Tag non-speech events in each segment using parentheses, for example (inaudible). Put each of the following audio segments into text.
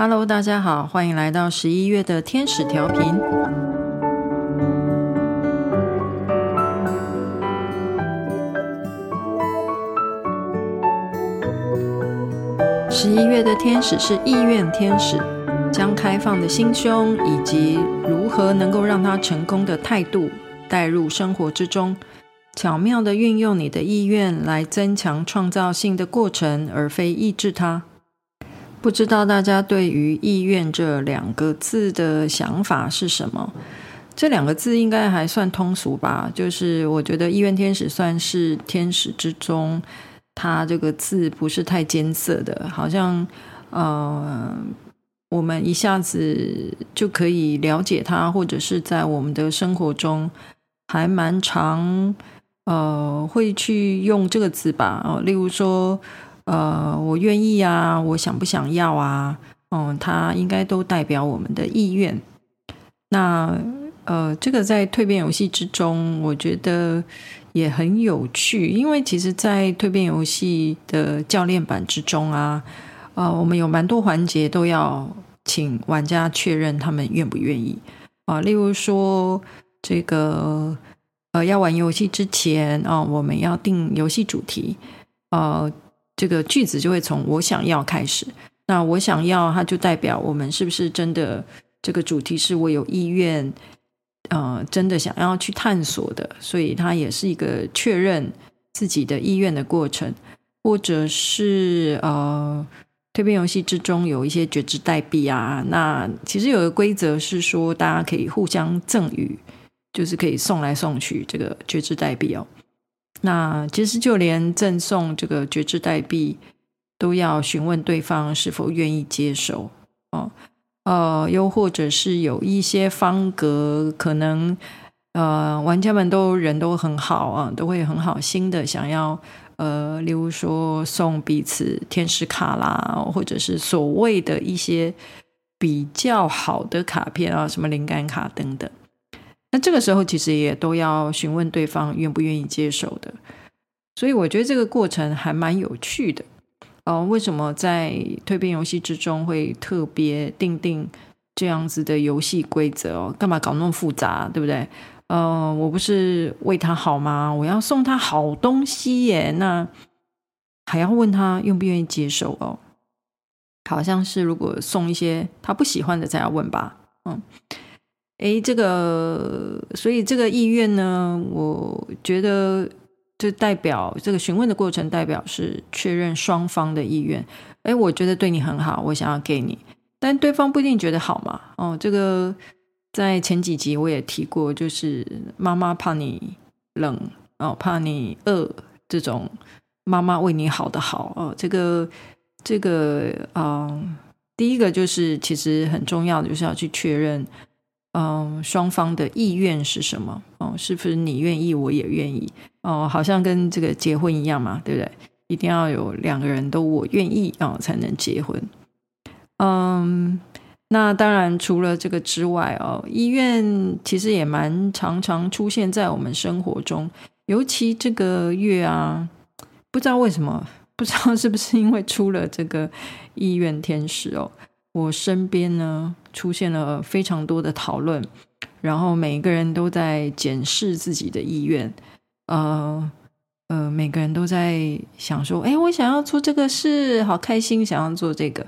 Hello，大家好，歡迎來到十一月的天使調頻。十一月的天使是意願天使，將開放的心胸以及如何能夠讓他成功的態度帶入生活之中，巧妙的運用你的意願來增強創造性的過程，而非抑制它。不知道大家對於“意願”這兩個字的想法是什麼？這兩個字應該還算通俗吧。就是我覺得“意願天使”算是天使之中，它這個字不是太艱澀的，好像呃，我們一下子就可以了解它，或者是在我們的生活中還蠻常呃會去用這個字吧。哦，例如說。呃，我願意啊，我想不想要啊？嗯，它應該都代表我們的意願。那呃，這個在蛻變遊戲之中，我覺得也很有趣，因為其實，在蛻變遊戲的教練版之中啊、呃，我們有蠻多環節都要請玩家確認他們願不願意啊、呃。例如說，這個呃，要玩遊戲之前啊、呃，我們要定遊戲主題，呃這個句子就會從我想要開始，那我想要，它就代表我們是不是真的這個主題是我有意願，呃，真的想要去探索的，所以它也是一個確認自己的意願的過程，或者是呃，蛻變遊戲之中有一些覺知代幣啊，那其實有個規則是說，大家可以互相贈予，就是可以送來送去這個覺知代幣哦。那其實就連贈送這個覺知代幣，都要詢問對方是否願意接受哦、啊。呃，又或者是有一些方格，可能呃，玩家們都人都很好啊，都會很好心的想要呃，例如說送彼此天使卡啦，或者是所謂的一些比較好的卡片啊，什麼靈感卡等等。那這個時候其實也都要詢問對方願不願意接受的，所以我覺得這個過程還蠻有趣的哦。呃，為什麼在蛻變遊戲之中會特別定定這樣子的遊戲規則哦？幹嘛搞那麼複雜，對不對？呃，我不是為他好嗎？我要送他好東西耶，那還要問他願不願意接受哦？好像是如果送一些他不喜歡的，才要問吧？嗯。哎，這個，所以這個意願呢，我覺得就代表這個詢問的過程，代表是確認雙方的意願。哎，我覺得對你很好，我想要給你，但對方不一定覺得好嘛。哦，這個在前幾集我也提過，就是媽媽怕你冷，哦，怕你餓，這種媽媽為你好的好哦。這個，這個啊、呃，第一個就是其實很重要的，就是要去確認。嗯，雙方的意願是什麼？哦，是不是你願意，我也願意？哦，好像跟這個結婚一樣嘛，對不對？一定要有兩個人都我願意哦，才能結婚。嗯，那當然，除了這個之外，哦，意願其實也蠻常常出現在我們生活中，尤其這個月啊，不知道為什麼，不知道是不是因為出了這個意願天使哦。我身邊呢出現了非常多的討論，然後每一個人都在檢視自己的意願，呃呃，每個人都在想說：“哎，我想要做這個事，好開心，想要做這個。”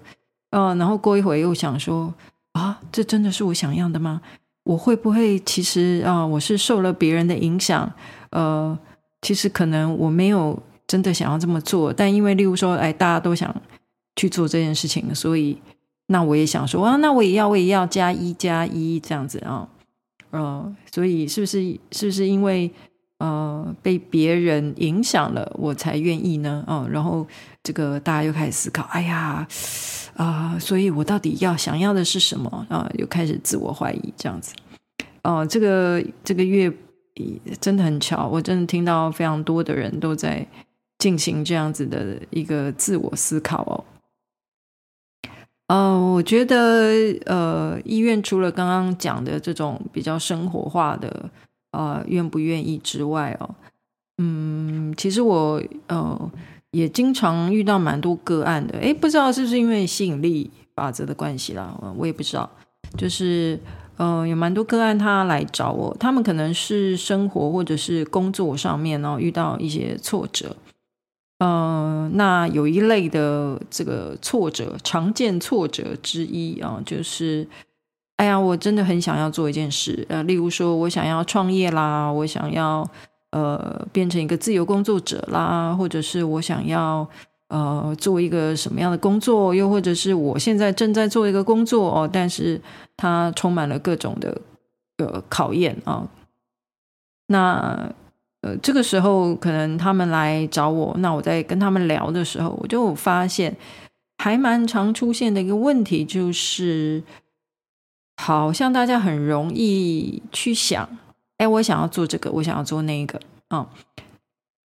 呃，然後過一會又想說：“啊，這真的是我想要的嗎？我會不會其實啊、呃，我是受了別人的影響？呃，其實可能我沒有真的想要這麼做，但因為例如說，哎，大家都想去做這件事情，所以。”那我也想說啊，那我也要，我也要加一加一這樣子啊、哦，嗯、哦，所以是不是是不是因為、呃、被別人影響了，我才願意呢、哦？然後這個大家又開始思考，哎呀啊、呃，所以我到底要想要的是什麼啊？又、哦、開始自我懷疑這樣子，哦，這個這個月真的很巧，我真的聽到非常多的人都在進行這樣子的一個自我思考哦。呃，我覺得呃，意願除了剛剛講的這種比較生活化的，呃，願不願意之外哦，嗯，其實我呃也經常遇到蠻多個案的，哎，不知道是不是因為吸引力法則的關係啦，我也不知道，就是呃，有蠻多個案他來找我，他們可能是生活或者是工作上面然後遇到一些挫折。嗯、呃，那有一類的這個挫折，常見挫折之一啊，就是，哎呀，我真的很想要做一件事，呃、例如說我想要創業啦，我想要呃變成一個自由工作者啦，或者是我想要呃做一個什麼樣的工作，又或者是我現在正在做一個工作哦，但是它充滿了各種的呃考驗啊，那。呃，這個時候可能他們來找我，那我在跟他們聊的時候，我就發現還蠻常出現的一個問題，就是好像大家很容易去想，哎，我想要做這個，我想要做那個，啊，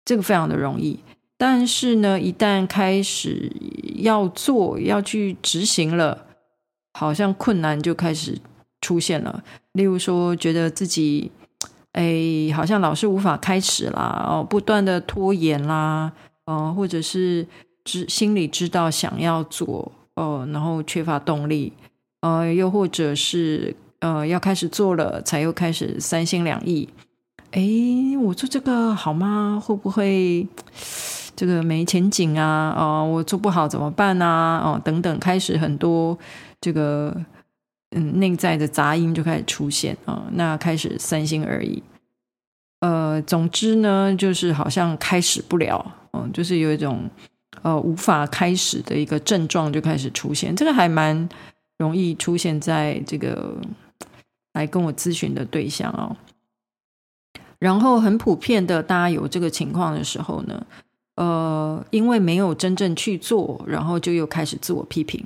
這個非常的容易，但是呢，一旦開始要做，要去執行了，好像困難就開始出現了。例如說，覺得自己。哎，好像老是無法開始啦，哦，不斷的拖延啦，哦、呃，或者是知心裡知道想要做，哦、呃，然後缺乏動力，呃，又或者是呃要開始做了，才又開始三心兩意。哎，我做這個好嗎？會不會這個沒前景啊？哦、呃，我做不好怎麼辦啊？哦、呃，等等，開始很多這個。嗯，內在的雜音就開始出現啊、哦，那開始三心二意，呃，總之呢，就是好像開始不了，嗯、哦，就是有一種呃無法開始的一個症狀就開始出現，這個還蠻容易出現在這個來跟我諮詢的對象哦，然後很普遍的，大家有這個情況的時候呢，呃，因為沒有真正去做，然後就又開始自我批評。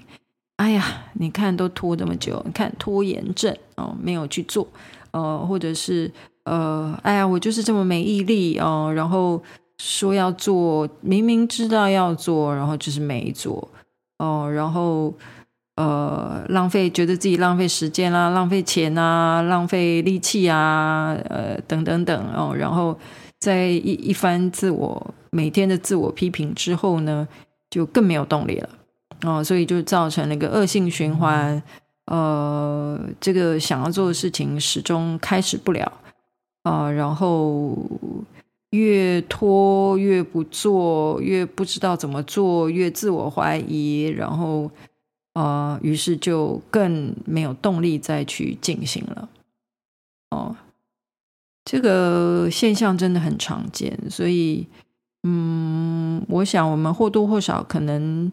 哎呀，你看都拖這麼久，你看拖延症哦，沒有去做，呃，或者是呃，哎呀，我就是這麼沒毅力哦，然後說要做，明明知道要做，然後就是沒做哦，然後呃，浪費，覺得自己浪費時間啦，浪費錢啊，浪費力氣啊，呃，等等等哦，然後在一一番自我每天的自我批評之後呢，就更沒有動力了。哦，所以就造成了一個惡性循環，嗯、呃，這個想要做的事情始終開始不了，啊、呃，然後越拖越不做，越不知道怎麼做，越自我懷疑，然後啊、呃，於是就更沒有動力再去進行了。哦，這個現象真的很常見，所以，嗯，我想我們或多或少可能。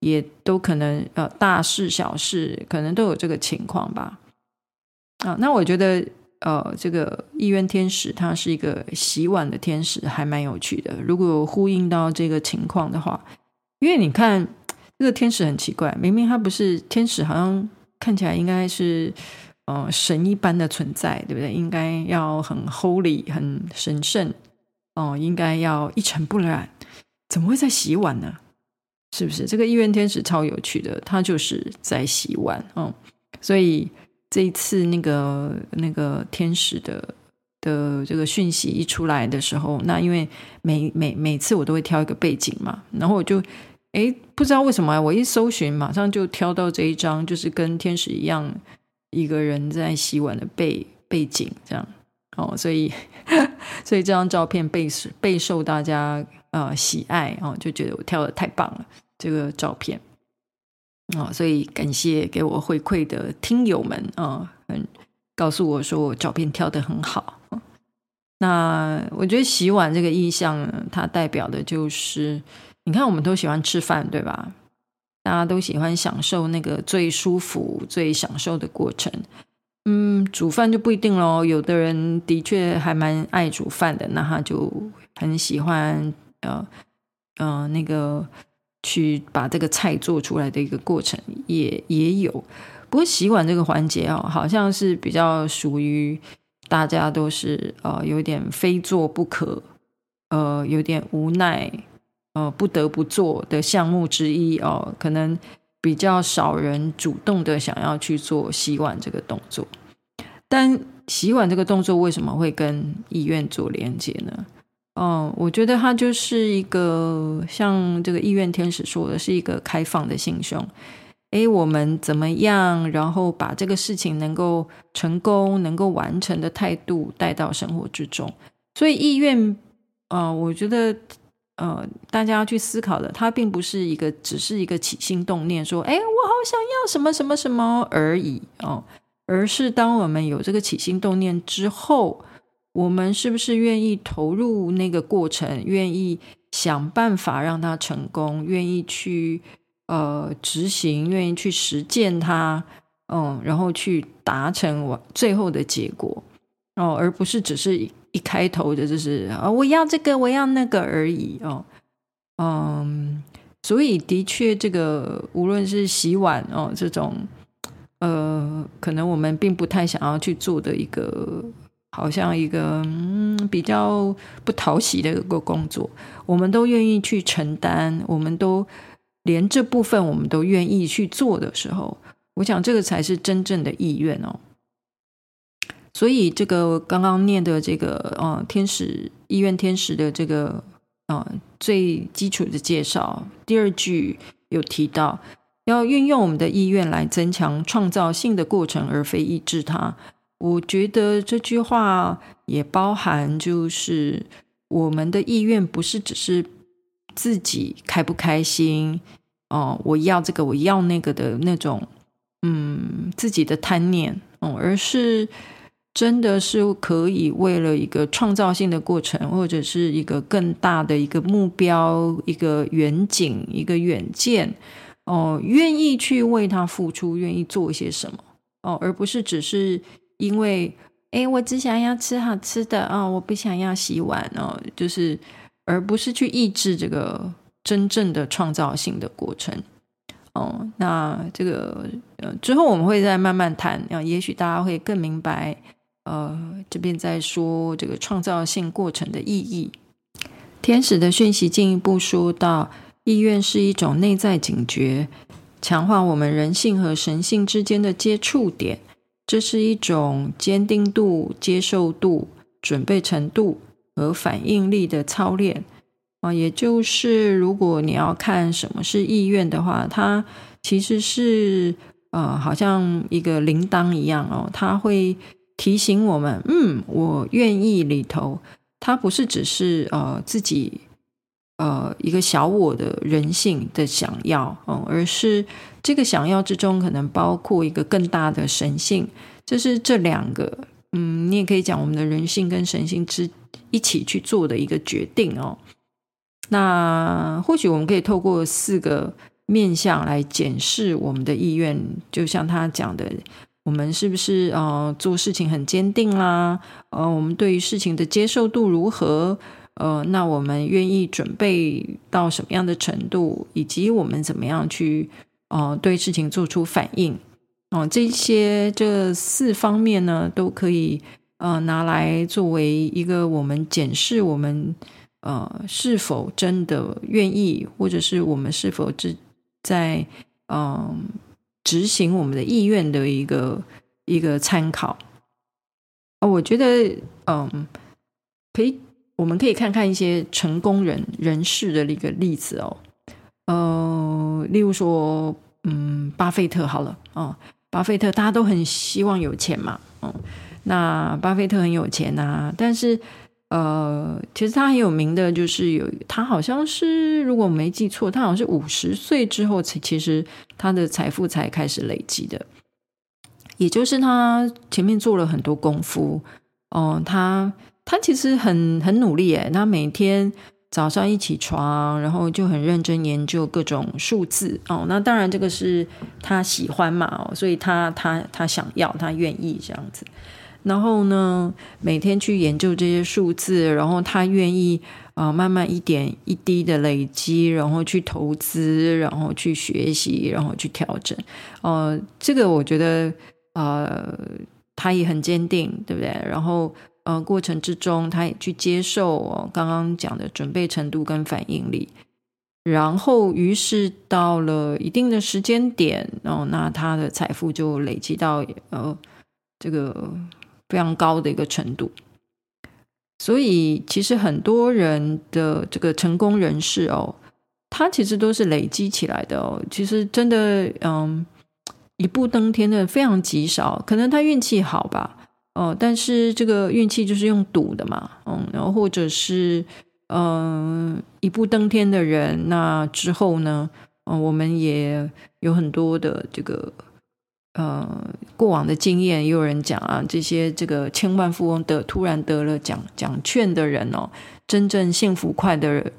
也都可能呃，大事小事可能都有這個情況吧。啊，那我覺得呃，這個意願天使他是一個洗碗的天使，還蠻有趣的。如果呼應到這個情況的話，因為你看這個天使很奇怪，明明他不是天使，好像看起來應該是呃神一般的存在，對不對？應該要很 holy 很神聖哦，呃，應該要一塵不染，怎麼會在洗碗呢？是不是這個意願天使超有趣的？他就是在洗碗，哦、嗯，所以這一次那個那個天使的的這個訊息一出來的時候，那因為每每每次我都會挑一個背景嘛，然後我就哎不知道為什麼我一搜尋，馬上就挑到這一張，就是跟天使一樣一個人在洗碗的背背景，這樣哦、嗯，所以 (laughs) 所以這張照片備受備受大家呃喜愛哦、嗯，就覺得我挑的太棒了。這個照片。哦，所以感謝給我回饋的聽友們啊，嗯，告訴我說我照片挑得很好。那我覺得洗碗這個意象，它代表的就是，你看我們都喜歡吃飯，對吧？大家都喜歡享受那個最舒服、最享受的過程。嗯，煮飯就不一定咯，有的人的確還蠻愛煮飯的，那他就很喜歡，呃，呃，那個。去把這個菜做出來的一個過程也也有，不過洗碗這個環節哦，好像是比較屬於大家都是呃有點非做不可，呃有點無奈，呃不得不做的項目之一哦，可能比較少人主動的想要去做洗碗這個動作。但洗碗這個動作為什麼會跟意願做連接呢？哦、嗯，我覺得他就是一個像這個意願天使說的，是一個開放的心胸。哎，我們怎麼樣，然後把這個事情能夠成功、能夠完成的態度帶到生活之中。所以意願，呃，我覺得呃，大家要去思考的，它並不是一個只是一個起心動念說，哎，我好想要什麼什麼什麼而已哦、嗯，而是當我們有這個起心動念之後。我們是不是願意投入那個過程，願意想辦法讓它成功，願意去呃執行，願意去實踐它，嗯，然後去達成最後的結果哦，而不是只是一一開頭就就是啊，哦，我要這個，我要那個而已哦，嗯，所以的確，這個無論是洗碗哦，這種呃，可能我們並不太想要去做的一個。好像一個嗯比較不討喜的一個工作，我們都願意去承擔，我們都連這部分我們都願意去做的時候，我想這個才是真正的意願哦。所以這個剛剛念的這個、呃、天使意願天使的這個、呃、最基礎的介紹，第二句有提到，要運用我們的意願來增強創造性的過程，而非抑制它。我覺得這句話也包含，就是我們的意願不是只是自己開不開心哦、呃，我要這個，我要那個的那種，嗯，自己的貪念哦、呃，而是真的是可以為了一個創造性的過程，或者是一個更大的一個目標、一個遠景、一個遠見哦，願意去為他付出，願意做一些什麼哦、呃，而不是只是。因為，哎，我只想要吃好吃的啊、哦！我不想要洗碗哦，就是而不是去抑制這個真正的創造性的過程哦。那這個呃，之後我們會再慢慢談啊、呃，也許大家會更明白。呃，這邊在說這個創造性過程的意義。天使的訊息進一步說到，意願是一種內在警覺，強化我們人性和神性之間的接觸點。這是一種堅定度、接受度、準備程度和反應力的操練啊，也就是如果你要看什麼是意願的話，它其實是呃，好像一個鈴鐺一樣哦，它會提醒我們，嗯，我願意裡頭，它不是只是呃自己。呃，一個小我的人性的想要哦，而是這個想要之中可能包括一個更大的神性，這，就是這兩個嗯，你也可以講我們的人性跟神性之一起去做的一個決定哦。那或許我們可以透過四個面向來檢視我們的意願，就像他講的，我們是不是、呃、做事情很堅定啦、啊？呃，我們對於事情的接受度如何？呃，那我們願意準備到什麼樣的程度，以及我們怎麼樣去，呃，對事情做出反應，哦、呃，這些這四方面呢，都可以呃拿來作為一個我們檢視我們呃是否真的願意，或者是我們是否是在、呃、執行我們的意願的一個一個參考。呃、我覺得嗯可以。呃我們可以看看一些成功人人士的一個例子哦、呃，例如說，嗯，巴菲特好了，哦、呃，巴菲特大家都很希望有錢嘛、呃，那巴菲特很有錢啊，但是，呃，其實他很有名的就是有他好像是如果沒記錯，他好像是五十歲之後才其實他的財富才開始累積的，也就是他前面做了很多功夫，哦、呃，他。他其實很很努力誒，他每天早上一起床，然後就很認真研究各種數字哦、嗯。那當然，這個是他喜歡嘛，所以他他他想要，他願意這樣子。然後呢，每天去研究這些數字，然後他願意啊、呃，慢慢一點一滴的累積，然後去投資，然後去學習，然後去調整。哦、呃，這個我覺得，呃，他也很堅定，對不對？然後。呃，過程之中，他也去接受哦，剛剛講的準備程度跟反應力，然後於是到了一定的時間點哦，那他的財富就累積到呃這個非常高的一個程度。所以其實很多人的這個成功人士哦，他其實都是累積起來的哦，其實真的嗯，一步登天的非常極少，可能他運氣好吧。哦，但是這個運氣就是用賭的嘛，嗯，然後或者是嗯、呃、一步登天的人，那之後呢，嗯、呃，我們也有很多的這個呃過往的經驗，也有人講啊，這些這個千萬富翁得突然得了獎獎券的人哦，真正幸福快的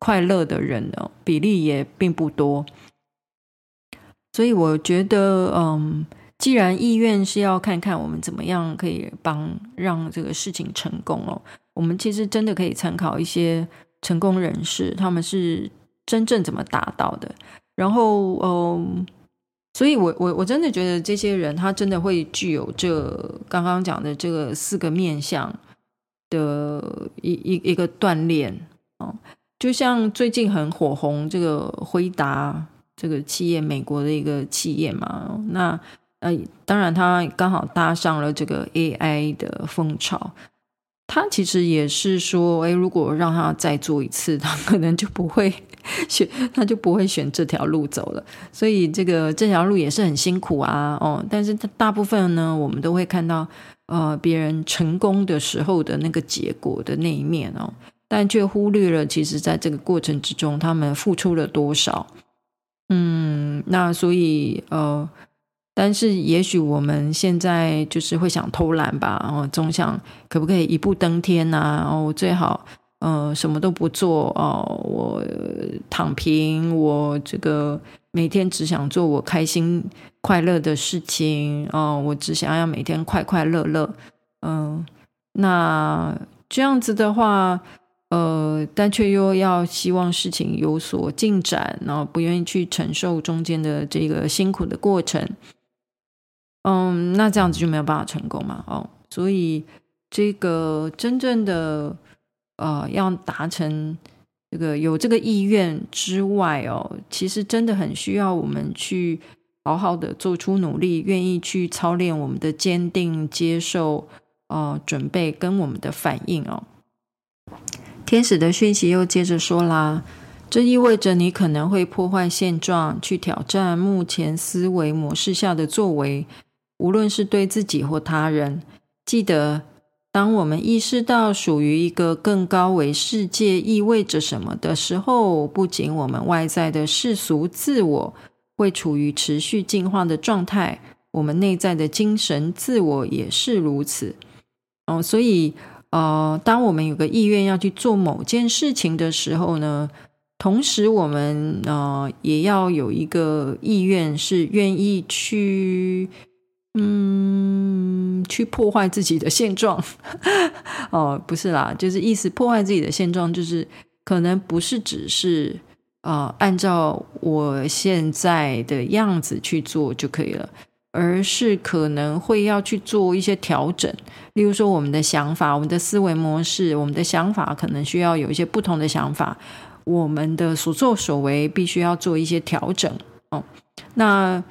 快樂的人哦，比例也並不多，所以我覺得嗯。既然意願是要看看我們怎麼樣可以幫讓這個事情成功哦，我們其實真的可以參考一些成功人士，他們是真正怎麼達到的。然後，嗯，所以我我我真的覺得這些人他真的會具有這剛剛講的這個四個面向的一一一,一個鍛鍊哦。就像最近很火紅這個輝達這個企業，美國的一個企業嘛，那。當然，他剛好搭上了這個 AI 的風潮。他其實也是說，哎，如果讓他再做一次，他可能就不會選，他就不會選這條路走了。所以，這個這條路也是很辛苦啊，哦。但是，大部分呢，我們都會看到呃別人成功的時候的那個結果的那一面哦，但卻忽略了其實在這個過程之中，他們付出了多少。嗯，那所以呃。但是，也許我們現在就是會想偷懶吧，哦，總想可不可以一步登天吶、啊？哦，最好，嗯、呃，什麼都不做哦、呃，我躺平，我這個每天只想做我開心快樂的事情，哦、呃，我只想要每天快快樂樂。嗯、呃，那這樣子的話，呃，但卻又要希望事情有所進展，然後不願意去承受中間的這個辛苦的過程。嗯，那這樣子就沒有辦法成功嘛？哦，所以這個真正的呃，要達成這個有這個意願之外哦，其實真的很需要我們去好好的做出努力，願意去操練我們的堅定、接受、哦、呃，準備跟我們的反應哦。天使的訊息又接着說啦，這意味着你可能會破壞現狀，去挑戰目前思維模式下的作為。無論是對自己或他人，記得，當我們意識到屬於一個更高維世界意味着什麼的時候，不僅我們外在的世俗自我會處於持續進化的狀態，我們內在的精神自我也是如此。哦，所以，呃，當我們有個意願要去做某件事情的時候呢，同時我們呃也要有一個意願是願意去。嗯，去破壞自己的現狀 (laughs) 哦，不是啦，就是意思破壞自己的現狀，就是可能不是只是啊、呃，按照我現在的樣子去做就可以了，而是可能會要去做一些調整。例如說，我們的想法、我們的思維模式、我們的想法，可能需要有一些不同的想法。我們的所作所為，必須要做一些調整。哦，那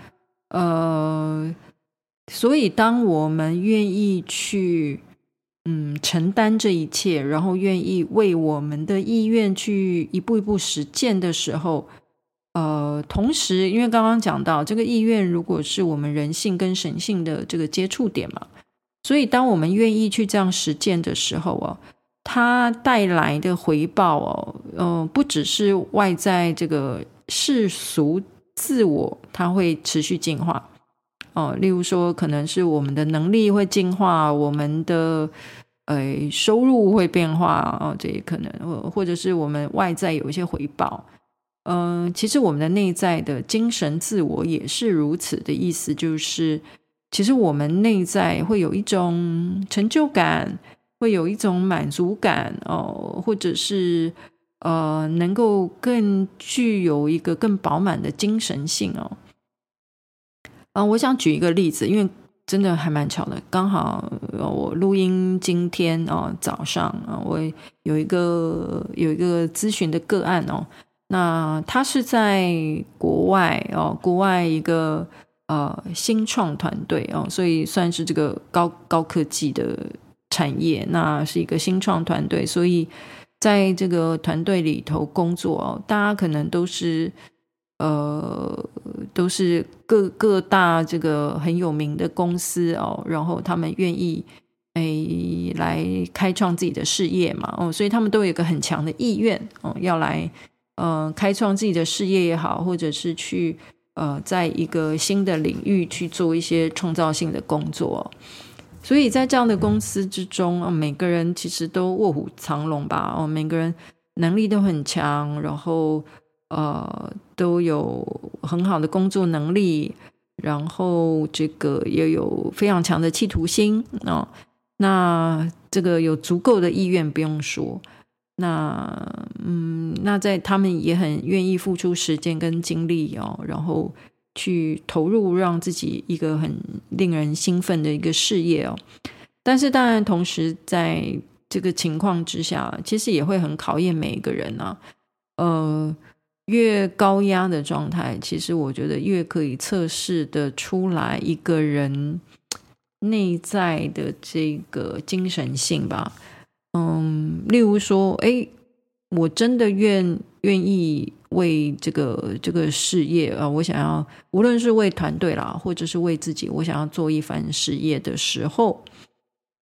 呃。所以，當我們願意去，嗯，承擔這一切，然後願意為我們的意願去一步一步實踐的時候，呃，同時，因為剛剛講到這個意願，如果是我們人性跟神性的這個接觸點嘛，所以，當我們願意去這樣實踐的時候哦，它帶來的回報哦，嗯、呃，不只是外在這個世俗自我，它會持續進化。哦，例如說，可能是我們的能力會進化，我們的、哎、收入會變化，哦，這也可能，或或者是我們外在有一些回報。嗯、呃，其實我們的內在的精神自我也是如此的意思，就是其實我們內在會有一種成就感，會有一種滿足感，哦、呃，或者是呃能夠更具有一個更飽滿的精神性，哦、呃。呃、我想舉一個例子，因為真的還蠻巧的，剛好我錄音今天哦、呃、早上、呃、我有一個有一個諮詢的個案哦、呃，那他是在國外哦、呃，國外一個呃新創團隊哦、呃，所以算是這個高高科技的產業，那是一個新創團隊，所以在這個團隊裡頭工作哦、呃，大家可能都是。呃，都是各各大這個很有名的公司哦，然後他們願意誒、哎、來開創自己的事業嘛哦，所以他們都有一個很強的意願哦，要來呃開創自己的事業也好，或者是去呃在一個新的領域去做一些創造性的工作。所以在這樣的公司之中，哦、每個人其實都臥虎藏龍吧哦，每個人能力都很強，然後。呃，都有很好的工作能力，然後，這個也有非常強的企圖心哦。那這個有足夠的意願不用說，那嗯，那在他們也很願意付出時間跟精力哦，然後去投入讓自己一個很令人興奮的一個事業哦。但是，當然同時在這個情況之下，其實也會很考驗每一個人呢，啊。呃。越高壓的狀態，其實我覺得越可以測試的出來一個人內在的這個精神性吧。嗯，例如說，哎，我真的願願意為這個這個事業啊、呃，我想要，無論是為團隊啦，或者是為自己，我想要做一番事業的時候，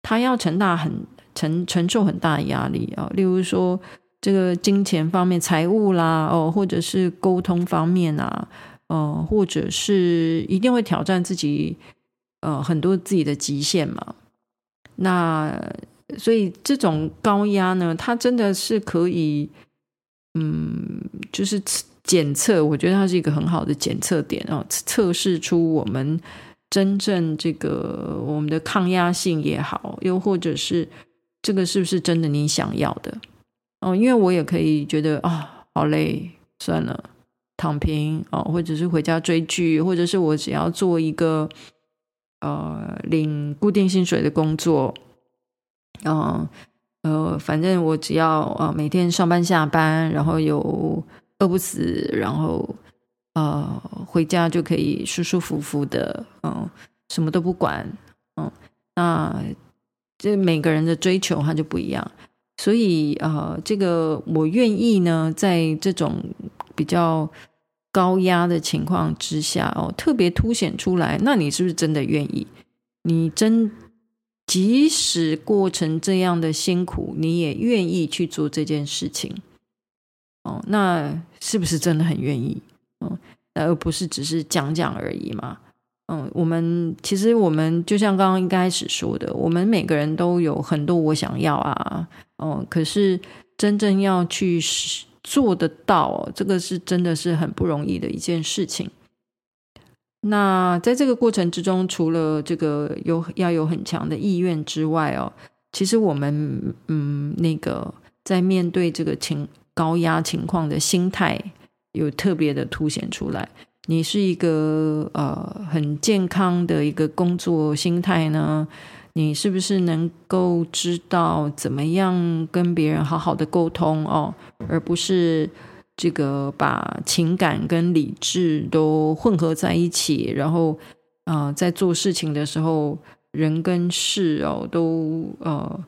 他要承大很、很承承受很大的壓力啊、呃。例如說。這個金錢方面、財務啦，哦，或者是溝通方面啊，哦、呃，或者是一定會挑戰自己，呃，很多自己的極限嘛。那所以這種高壓呢，它真的是可以，嗯，就是檢測。我覺得它是一個很好的檢測點，哦，測試出我們真正這個我們的抗壓性也好，又或者是這個是不是真的你想要的。嗯，因為我也可以覺得啊、哦，好累，算了，躺平啊、哦，或者是回家追劇，或者是我只要做一個呃領固定薪水的工作，嗯呃，呃，反正我只要啊、呃、每天上班下班，然後有餓不死，然後呃回家就可以舒舒服服的，嗯、呃，什麼都不管，嗯、呃，那就每個人的追求它就不一樣。所以，啊、呃、這個我願意呢，在這種比較高壓的情況之下，哦，特別凸顯出來，那你是不是真的願意？你真即使過程這樣的辛苦，你也願意去做這件事情？哦，那是不是真的很願意？哦，那而不是只是講講而已嘛？嗯，我們其實我們就像剛剛一開始說的，我們每個人都有很多我想要啊，哦、嗯，可是真正要去做得到，這個是真的是很不容易的一件事情。那在這個過程之中，除了這個有要有很強的意願之外哦，其實我們嗯，那個在面對這個情，高壓情況的心態，有特別的凸顯出來。你是一個呃很健康的一個工作心態呢？你是不是能夠知道怎麼樣跟別人好好的溝通哦，而不是這個把情感跟理智都混合在一起，然後啊、呃、在做事情的時候，人跟事哦都呃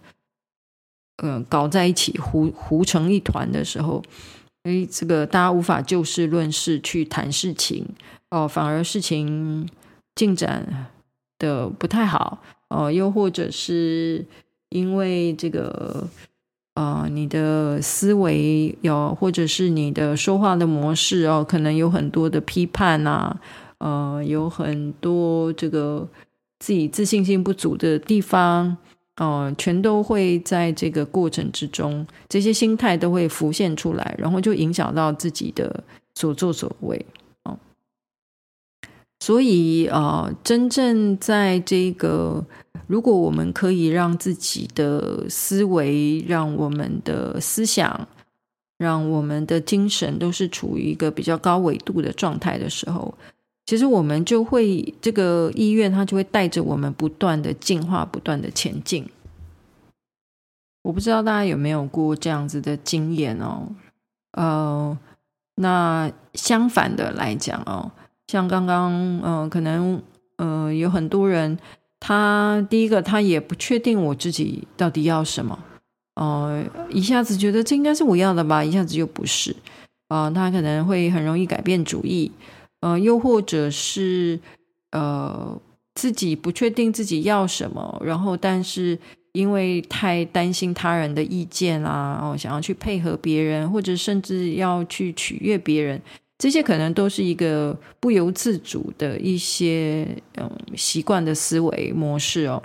呃搞在一起，糊糊成一團的時候。所以這個大家無法就事論事去談事情哦、呃，反而事情進展的不太好哦、呃，又或者是因為這個呃，你的思維有、呃，或者是你的說話的模式哦、呃，可能有很多的批判吶、啊，呃，有很多這個自己自信心不足的地方。哦、呃，全都會在這個過程之中，這些心態都會浮現出來，然後就影響到自己的所作所為。哦，所以啊、呃，真正在這個，如果我們可以讓自己的思維、讓我們的思想、讓我們的精神都是處於一個比較高維度的狀態的時候。其實我們就會，這個意願它就會帶着我們不斷的進化，不斷的前進。我不知道大家有沒有過這樣子的經驗哦。呃，那相反的來講哦，像剛剛，嗯、呃，可能，呃，有很多人，他第一個他也不確定我自己到底要什麼，呃，一下子覺得這應該是我要的吧，一下子又不是，啊、呃，他可能會很容易改變主意。呃，又或者是呃，自己不確定自己要什麼，然後但是因為太擔心他人的意見啦、啊，哦，想要去配合別人，或者甚至要去取悅別人，這些可能都是一個不由自主的一些嗯、呃、習慣的思維模式哦，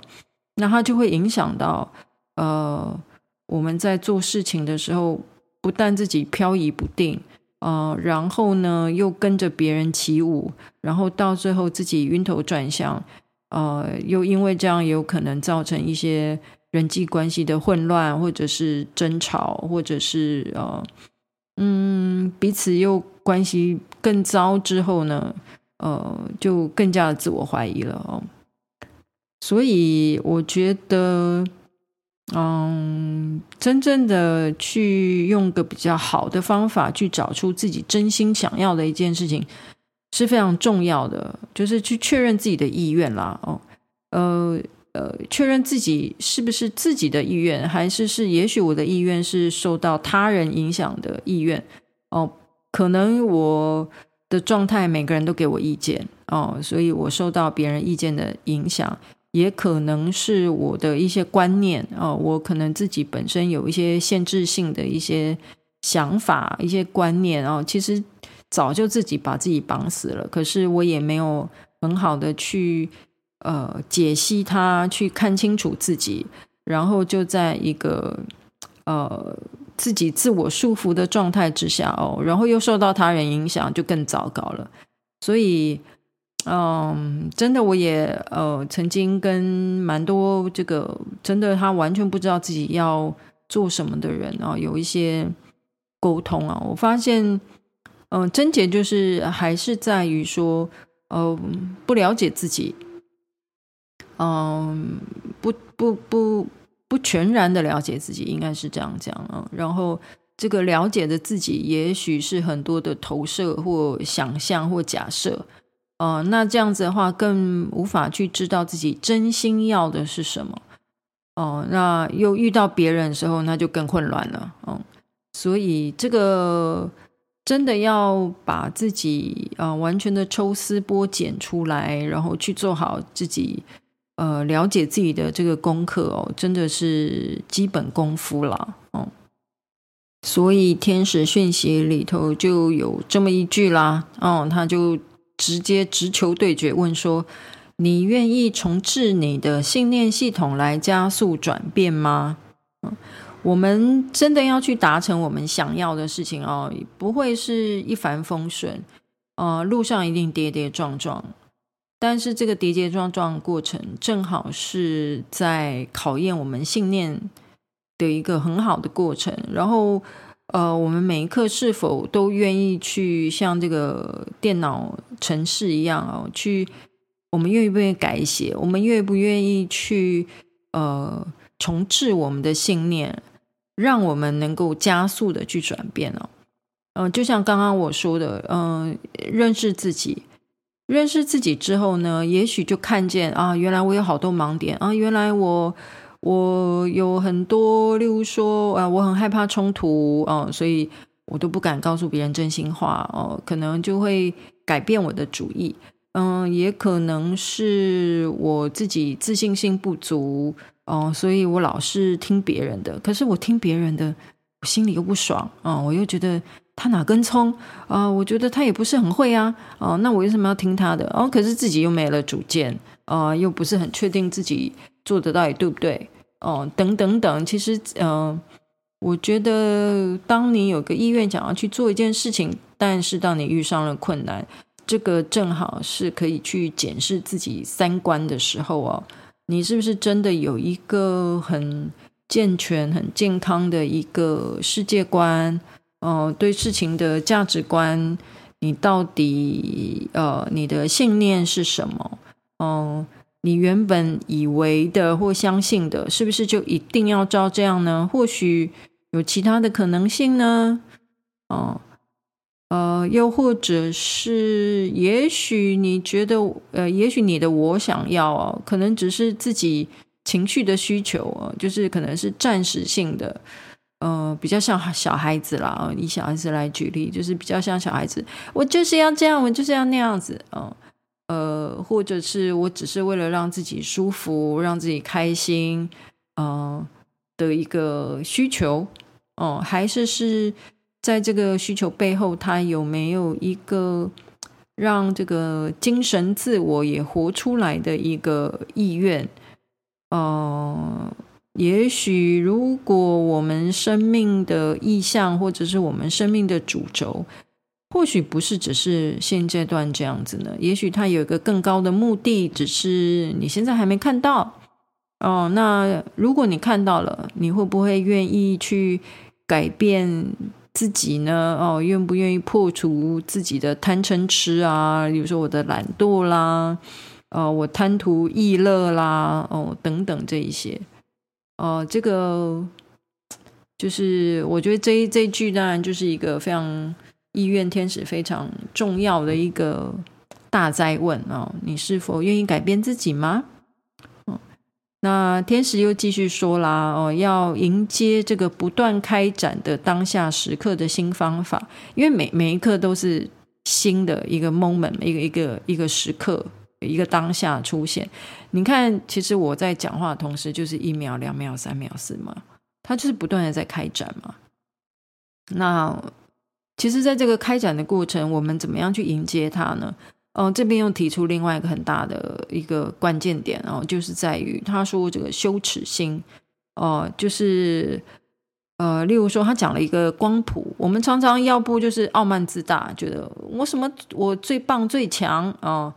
那它就會影響到呃我們在做事情的時候，不但自己飄移不定。呃，然後呢，又跟着別人起舞，然後到最後自己暈頭轉向，呃，又因為這樣也有可能造成一些人際關係的混亂，或者是爭吵，或者是呃，嗯，彼此又關係更糟之後呢，呃，就更加的自我懷疑了哦。所以我覺得。嗯，真正的去用個比較好的方法去找出自己真心想要的一件事情，是非常重要的，就是去確認自己的意願啦。哦，呃呃，確認自己是不是自己的意願，還是是也許我的意願是受到他人影響的意願？哦，可能我的狀態，每個人都給我意見哦，所以我受到別人意見的影響。也可能是我的一些觀念，哦，我可能自己本身有一些限制性的一些想法、一些觀念，哦，其實早就自己把自己綁死了。可是我也沒有很好的去，呃，解析它，去看清楚自己，然後就在一個呃自己自我束縛的狀態之下，哦，然後又受到他人影響，就更糟糕了。所以。嗯，真的，我也呃曾經跟蠻多這個真的他完全不知道自己要做什麼的人啊、哦，有一些溝通啊、哦，我發現嗯，症、呃、結就是還是在於說，呃，不了解自己，嗯，不不不不全然的了解自己，應該是這樣講啊、哦。然後這個了解的自己，也許是很多的投射或想象或假設。哦、呃，那這樣子的話，更無法去知道自己真心要的是什麼。哦、呃，那又遇到別人的時候，那就更混亂了。嗯，所以這個真的要把自己啊、呃、完全的抽絲剝繭出來，然後去做好自己。呃，了解自己的這個功課哦，真的是基本功夫了。嗯，所以天使訊息裡頭就有這麼一句啦。哦、嗯，他就。直接直球對決，問說：“你願意重置你的信念系統來加速轉變嗎？”嗯，我們真的要去達成我們想要的事情哦，不會是一帆風順，呃，路上一定跌跌撞撞，但是這個跌跌撞撞的過程正好是在考驗我們信念的一個很好的過程，然後。呃，我們每一刻是否都願意去像這個電腦程式一樣、哦、去我們願意不願意改寫？我們願不願意去呃重置我們的信念，讓我們能夠加速的去轉變嗯、哦呃，就像剛剛我說的，嗯、呃，認識自己，認識自己之後呢，也許就看見啊，原來我有好多盲點啊，原來我。我有很多，例如說啊、呃，我很害怕衝突、呃、所以我都不敢告訴別人真心話、呃、可能就會改變我的主意。嗯、呃，也可能是我自己自信心不足、呃、所以我老是聽別人的。可是我聽別人的，我心裡又不爽啊、呃，我又覺得他哪根蔥啊？我覺得他也不是很會啊啊、呃，那我為什麼要聽他的？哦，可是自己又沒了主見啊、呃，又不是很確定自己做得到底對不對。哦，等等等，其實，嗯、呃，我覺得，當你有個意願想要去做一件事情，但是當你遇上了困難，這個正好是可以去檢視自己三觀的時候哦。你是不是真的有一個很健全、很健康的一個世界觀？哦、呃，對事情的價值觀，你到底呃，你的信念是什麼？嗯、呃。你原本以為的或相信的，是不是就一定要照這樣呢？或許有其他的可能性呢？哦、嗯，呃，又或者是，也許你覺得，呃，也許你的我想要，可能只是自己情緒的需求，就是可能是暫時性的，呃，比較像小孩子啦。以小孩子來舉例，就是比較像小孩子，我就是要這樣，我就是要那樣子，嗯。呃，或者是我只是為了讓自己舒服、讓自己開心，嗯、呃，的一個需求，哦、呃，還是是在這個需求背後，它有沒有一個讓這個精神自我也活出來的一個意願？嗯、呃，也許如果我們生命的意向，或者是我們生命的主軸。或許不是只是現階段這樣子呢，也許他有一個更高的目的，只是你現在還沒看到哦。那如果你看到了，你會不會願意去改變自己呢？哦，願不願意破除自己的貪嗔痴啊？比如說我的懶惰啦，呃、哦，我貪圖逸樂啦，哦，等等這一些，呃、哦，這個就是我覺得這，這一這句當然就是一個非常。意願天使非常重要的一個大哉問哦，你是否願意改變自己嗎？那天使又繼續說啦哦，要迎接這個不斷開展的當下時刻的新方法，因為每每一刻都是新的一個 moment，一個一個一個時刻，一個當下出現。你看，其實我在講話同時，就是一秒、兩秒、三秒、四秒，它就是不斷的在開展嘛。那。其實，在這個開展的過程，我們怎麼樣去迎接它呢？嗯、呃，這邊又提出另外一個很大的一個關鍵點，哦，然後就是在於他說這個羞恥心，哦，呃，就是呃，例如說他講了一個光譜，我們常常要不就是傲慢自大，覺得我什麼我最棒最強啊，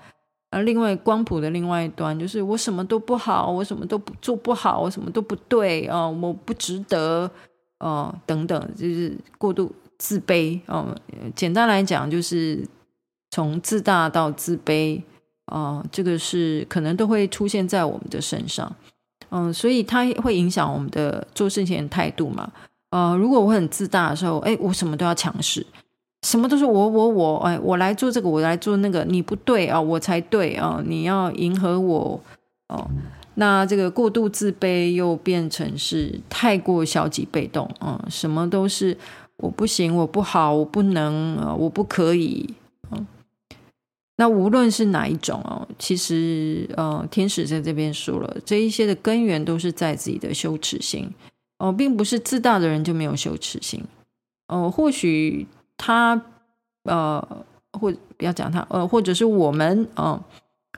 呃，而另外光譜的另外一端就是我什麼都不好，我什麼都不做不好，我什麼都不對啊，呃，我不值得啊，呃，等等，就是過度。自卑啊、嗯，簡單來講就是從自大到自卑哦、嗯，這個是可能都會出現在我們的身上，嗯，所以它會影響我們的做事情的態度嘛，嗯，如果我很自大的時候，哎，我什麼都要強勢，什麼都是我我我，哎，我來做這個，我來做那個，你不對哦，我才對哦，你要迎合我哦，那這個過度自卑又變成是太過消極被動，嗯，什麼都是。我不行，我不好，我不能，我不可以，嗯。那無論是哪一種哦，其實，呃，天使在這邊說了，這一些的根源都是在自己的羞恥心，哦、呃，並不是自大的人就沒有羞恥心，哦、呃，或許他，呃，或不要講他，呃，或者是我們，哦、呃，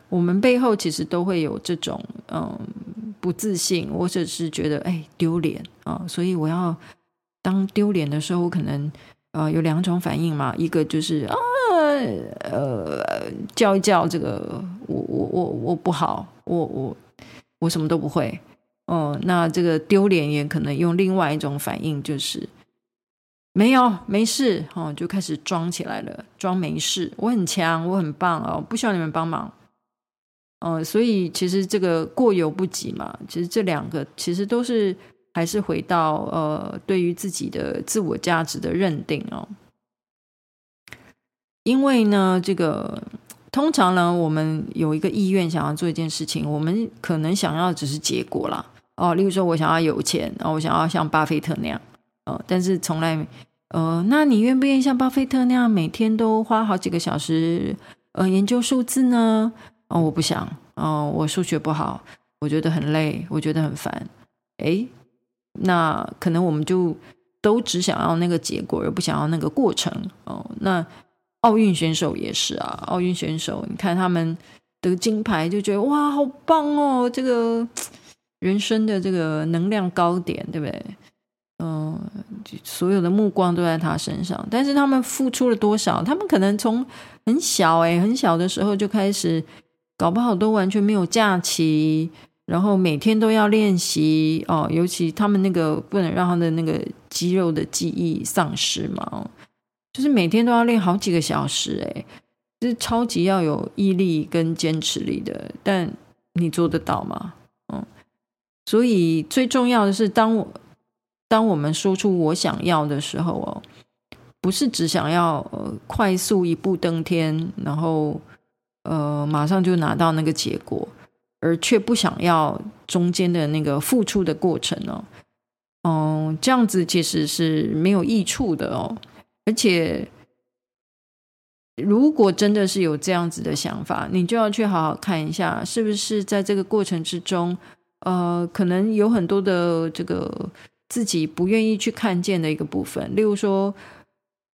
我們背後其實都會有這種，嗯、呃，不自信，或者是覺得哎丟臉啊、呃，所以我要。當丟臉的時候，我可能，呃、有兩種反應嘛，一個就是啊呃叫一叫這個我我我我不好，我我我什麼都不會。哦、呃，那這個丟臉也可能用另外一種反應，就是沒有沒事哦、呃，就開始裝起來了，裝沒事，我很強，我很棒哦，不需要你們幫忙。嗯、呃，所以其實這個過猶不及嘛，其實這兩個其實都是。還是回到呃，對於自己的自我價值的認定，哦，因為呢，這個通常呢，我們有一個意願想要做一件事情，我們可能想要只是結果啦。哦。例如說，我想要有錢，哦，我想要像巴菲特那樣，哦，但是從來，呃，那你願不願意像巴菲特那樣，每天都花好幾個小時，呃，研究數字呢？哦，我不想，哦，我數學不好，我覺得很累，我覺得很煩，誒那可能我們就都只想要那個結果，而不想要那個過程哦。那奧運選手也是啊，奧運選手，你看他們得金牌，就覺得哇，好棒哦！這個人生的這個能量高點，對不對？嗯、哦，所有的目光都在他身上，但是他們付出了多少？他們可能從很小、欸、很小的時候就開始，搞不好都完全沒有假期。然後每天都要練習哦，尤其他們那個不能讓他的那個肌肉的記憶喪失嘛，就是每天都要練好幾個小時，誒、就，是超級要有毅力跟堅持力的。但你做得到嗎？嗯、哦，所以最重要的是，當我當我們說出我想要的時候哦，不是只想要呃快速一步登天，然後呃馬上就拿到那個結果。而卻不想要中間的那個付出的過程哦，嗯，這樣子其實是沒有益處的哦。而且，如果真的是有這樣子的想法，你就要去好好看一下，是不是在這個過程之中，呃，可能有很多的這個自己不願意去看見的一個部分，例如說，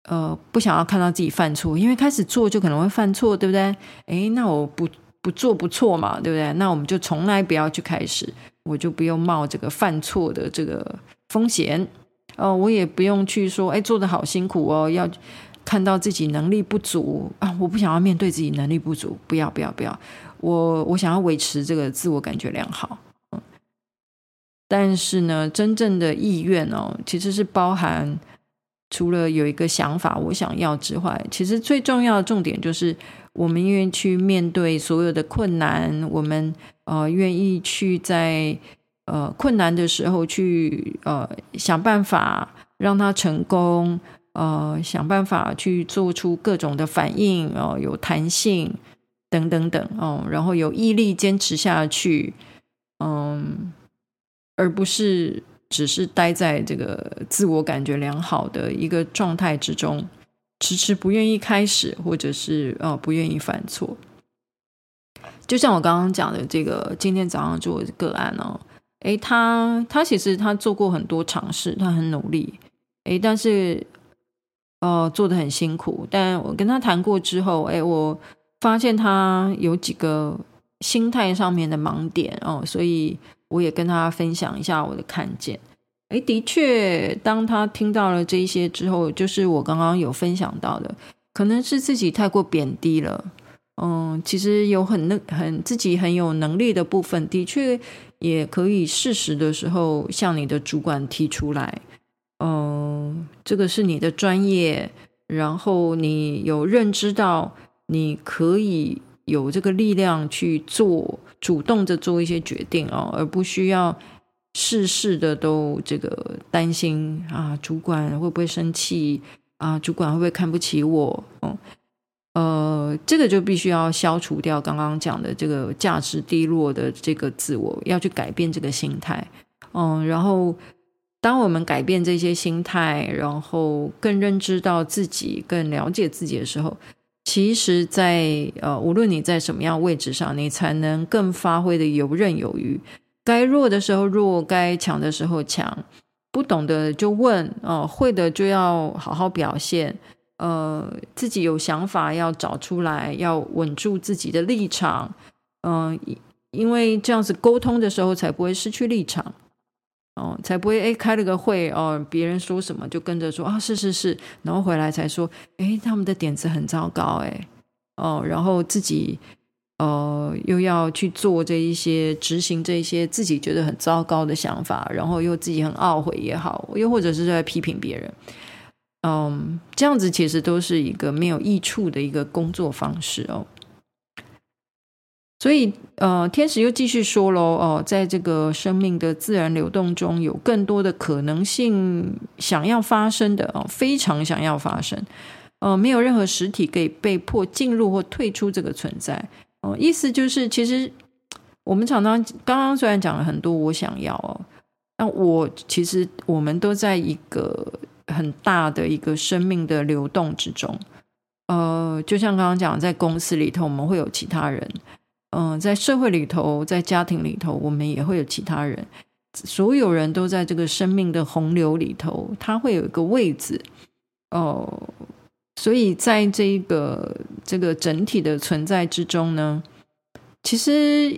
呃，不想要看到自己犯錯，因為開始做就可能會犯錯，對不對？哎，那我不。不做不錯嘛，對不對？那我們就從來不要去開始，我就不用冒這個犯錯的這個風險哦，我也不用去說，哎，做得好辛苦哦，要看到自己能力不足啊，我不想要面對自己能力不足，不要不要不要，我我想要維持這個自我感覺良好，嗯。但是呢，真正的意願哦，其實是包含。除了有一個想法，我想要之外，其實最重要的重點就是我們願意去面對所有的困難，我們呃願意去在呃困難的時候去呃想辦法讓他成功，呃想辦法去做出各種的反應，哦、呃、有彈性等等等哦、呃，然後有毅力堅持下去，嗯、呃，而不是。只是待在這個自我感覺良好的一個狀態之中，遲遲不願意開始，或者是哦，不願意犯錯。就像我剛剛講的，這個今天早上做的個案哦，哎，他他其實他做過很多嘗試，他很努力，哎，但是哦做得很辛苦。但我跟他談過之後，哎，我發現他有幾個心態上面的盲點哦，所以。我也跟他分享一下我的看見。哎，的確，當他聽到了這些之後，就是我剛剛有分享到的，可能是自己太過貶低了。嗯，其實有很能、很自己很有能力的部分，的確也可以適時的時候向你的主管提出來。嗯，這個是你的專業，然後你有認知到你可以。有這個力量去做，主動的做一些決定哦，而不需要事事的都這個擔心啊，主管會不會生氣啊，主管會不會看不起我？嗯、哦，呃，這個就必須要消除掉剛剛講的這個價值低落的這個自我，要去改變這個心態。嗯，然後當我們改變這些心態，然後更認知到自己，更了解自己的時候。其實在，在呃，無論你在什麼樣位置上，你才能更發揮得游刃有餘。該弱的時候弱，該強的時候強。不懂的就問呃，會的就要好好表現。呃，自己有想法要找出來，要穩住自己的立場。嗯、呃，因為這樣子溝通的時候才不會失去立場。哦，才不會哎，開了個會哦，別人說什麼就跟着說啊、哦，是是是，然後回來才說，哎，他們的點子很糟糕，哎，哦，然後自己呃又要去做這一些執行這些自己覺得很糟糕的想法，然後又自己很懊悔也好，又或者是在批評別人，嗯，這樣子其實都是一個沒有益處的一個工作方式哦。所以，呃，天使又繼續說嘍，哦、呃，在這個生命的自然流動中有更多的可能性想要發生的哦、呃，非常想要發生，呃，沒有任何實體可以被迫進入或退出這個存在。哦、呃，意思就是，其實我們常常剛剛雖然講了很多我想要哦，但我其實我們都在一個很大的一個生命的流動之中，呃，就像剛剛講在公司裡頭，我們會有其他人。嗯、呃，在社會裡頭，在家庭裡頭，我們也會有其他人，所有人都在這個生命的洪流裡頭，他會有一個位置哦、呃。所以，在這個這個整體的存在之中呢，其實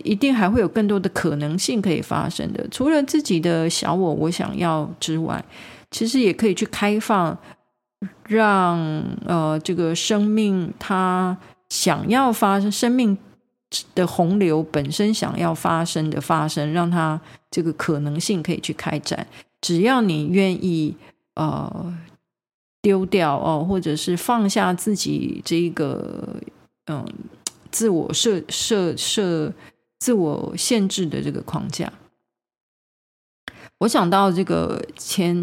一定還會有更多的可能性可以發生的。除了自己的小我我想要之外，其實也可以去開放，讓呃這個生命他想要發生生命。的洪流本身想要發生的發生，讓它這個可能性可以去開展。只要你願意，呃，丟掉哦，或者是放下自己這個嗯、呃、自我設設設自我限制的這個框架。我想到這個前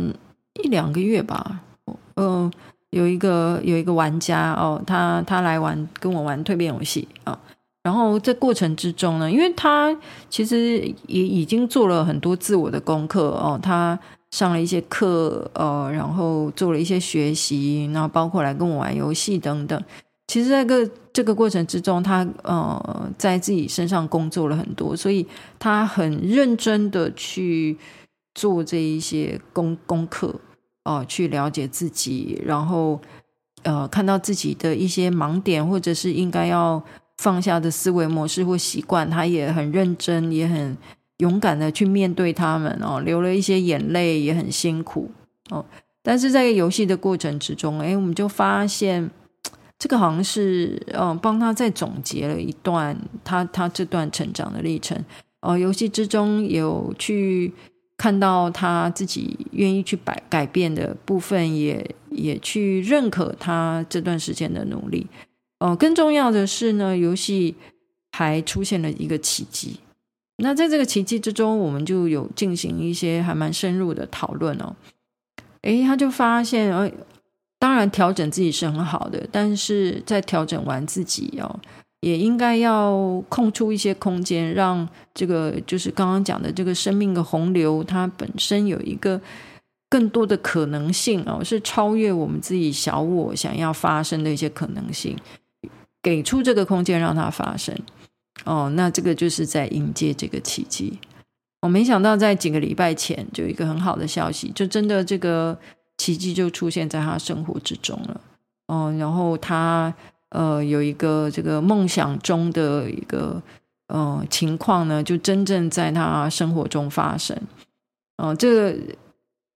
一兩個月吧，嗯、呃，有一個有一個玩家哦，他他來玩跟我玩蛻變遊戲啊。哦然後在過程之中呢，因為他其實也已經做了很多自我的功課哦，他上了一些課，呃，然後做了一些學習，然後包括來跟我玩遊戲等等。其實，在個這個過程之中，他呃在自己身上工作了很多，所以他很認真的去做這一些功功課哦，呃，去了解自己，然後呃看到自己的一些盲點，或者是應該要。放下的思維模式或習慣，他也很認真，也很勇敢的去面對他們哦，流了一些眼淚，也很辛苦哦。但是在一個遊戲的過程之中，哎，我們就發現這個好像是嗯、哦，幫他再總結了一段他他這段成長的歷程哦。遊戲之中有去看到他自己願意去改改變的部分也，也也去認可他這段時間的努力。哦，更重要的是呢，遊戲還出現了一個奇蹟。那在這個奇蹟之中，我們就有進行一些還蠻深入的討論哦。誒，他就發現哦、呃，當然調整自己是很好的，但是在調整完自己哦，也應該要空出一些空間，讓這個就是剛剛講的這個生命的洪流，它本身有一個更多的可能性哦，是超越我們自己小我想要發生的一些可能性。給出這個空間讓它發生，哦，那這個就是在迎接這個奇蹟。我、哦、沒想到在幾個禮拜前就有一個很好的消息，就真的這個奇蹟就出現在他生活之中了。嗯、哦，然後他呃有一個這個夢想中的一個、呃、情況呢，就真正在他生活中發生。嗯、哦，這個、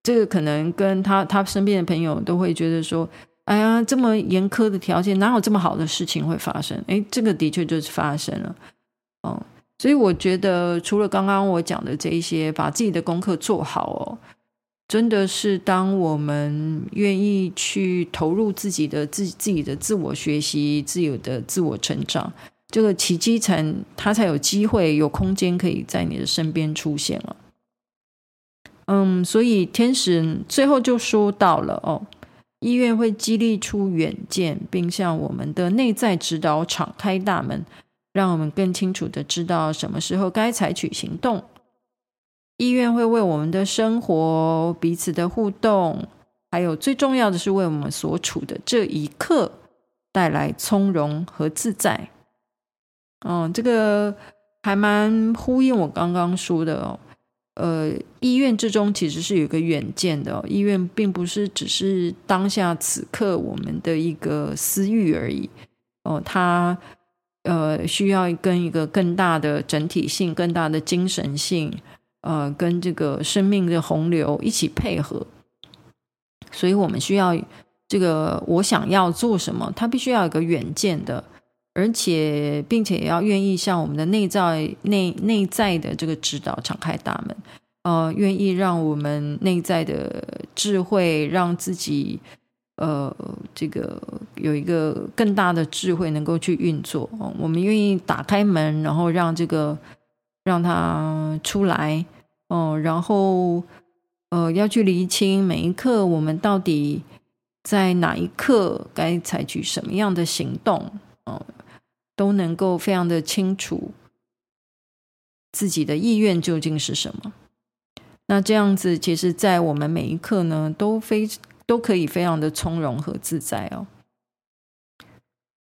這個可能跟他他身邊的朋友都會覺得說，哎呀，這麼嚴苛的條件，哪有這麼好的事情會發生？誒，這個的確就是發生了。哦，所以我覺得，除了剛剛我講的這一些，把自己的功課做好哦，真的是當我們願意去投入自己的自己自己的自我學習、自由的自我成長，這個奇蹟才它才有機會、有空間可以在你的身邊出現了，哦。嗯，所以天使最後就說到了哦。意願會激勵出遠見，並向我們的內在指導敞開大門，讓我們更清楚地知道什麼時候該採取行動。意願會為我們的生活、彼此的互動，還有最重要的是為我們所處的這一刻帶來從容和自在。嗯，這個還蠻呼應我剛剛說的哦。呃，意願之中其實是有一個遠見的哦。意願並不是只是當下此刻我們的一個私欲而已哦、呃，它呃需要跟一個更大的整體性、更大的精神性，呃，跟這個生命的洪流一起配合。所以，我們需要這個我想要做什麼，它必須要有一個遠見的。而且，並且也要願意向我們的內在、內內在的這個指導敞開大門，呃，願意讓我們內在的智慧，讓自己呃，這個有一個更大的智慧能夠去運作。呃、我們願意打開門，然後讓這個讓它出來，嗯、呃，然後呃，要去釐清每一刻我們到底在哪一刻該採取什麼樣的行動，呃都能夠非常的清楚自己的意願究竟是什麼，那這樣子其實，在我們每一刻呢，都非都可以非常的從容和自在哦。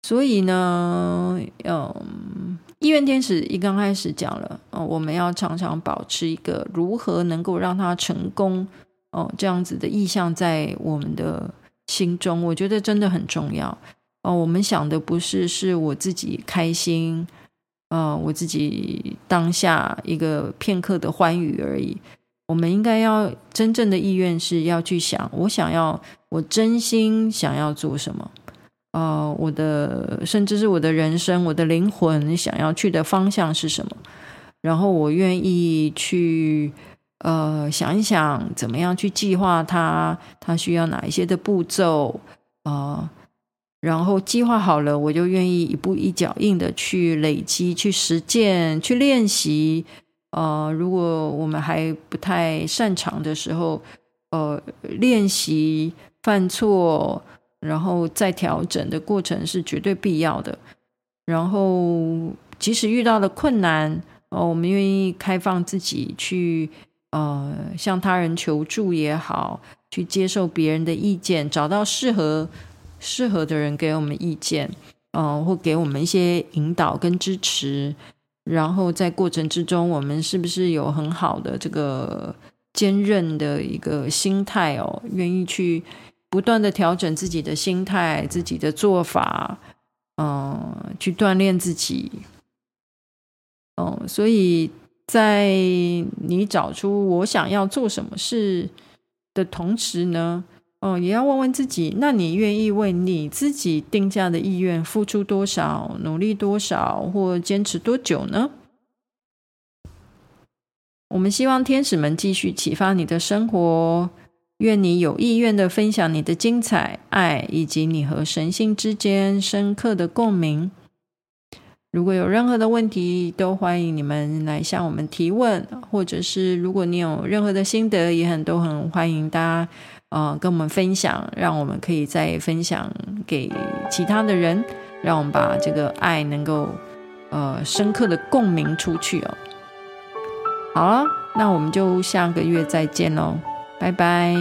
所以呢，嗯，意願天使一剛開始講了，哦，我們要常常保持一個如何能夠讓它成功哦，這樣子的意向在我們的心中，我覺得真的很重要。哦，我們想的不是是我自己開心，呃，我自己當下一個片刻的歡愉而已。我們應該要真正的意願是要去想，我想要，我真心想要做什麼？呃，我的甚至是我的人生，我的靈魂想要去的方向是什麼？然後我願意去，呃，想一想怎麼樣去計劃它，它需要哪一些的步驟？啊，呃。然後計劃好了，我就願意一步一腳印的去累積、去實踐、去練習。呃，如果我們還不太擅長的時候，呃，練習犯錯，然後再調整的過程是絕對必要的。然後，即使遇到了困難，呃，我們願意開放自己去，呃，向他人求助也好，去接受別人的意見，找到適合。適合的人給我們意見，哦、嗯，或給我們一些引導跟支持。然後在過程之中，我們是不是有很好的這個堅韌的一個心態哦？願意去不斷的調整自己的心態、自己的做法，嗯，去鍛鍊自己。哦、嗯，所以在你找出我想要做什麼事的同時呢，哦，也要問問自己，那你願意為你自己定價的意願付出多少，努力多少，或堅持多久呢？我們希望天使們繼續啟發你的生活，願你有意願地分享你的精彩、愛以及你和神性之間深刻的共鳴。如果有任何的問題，都歡迎你們來向我們提問，或者是如果你有任何的心得，也很多都很歡迎大家。呃，跟我們分享，讓我們可以再分享給其他的人，讓我們把這個愛能夠呃深刻的共鳴出去哦。好了，那我們就下個月再見嘍，拜拜。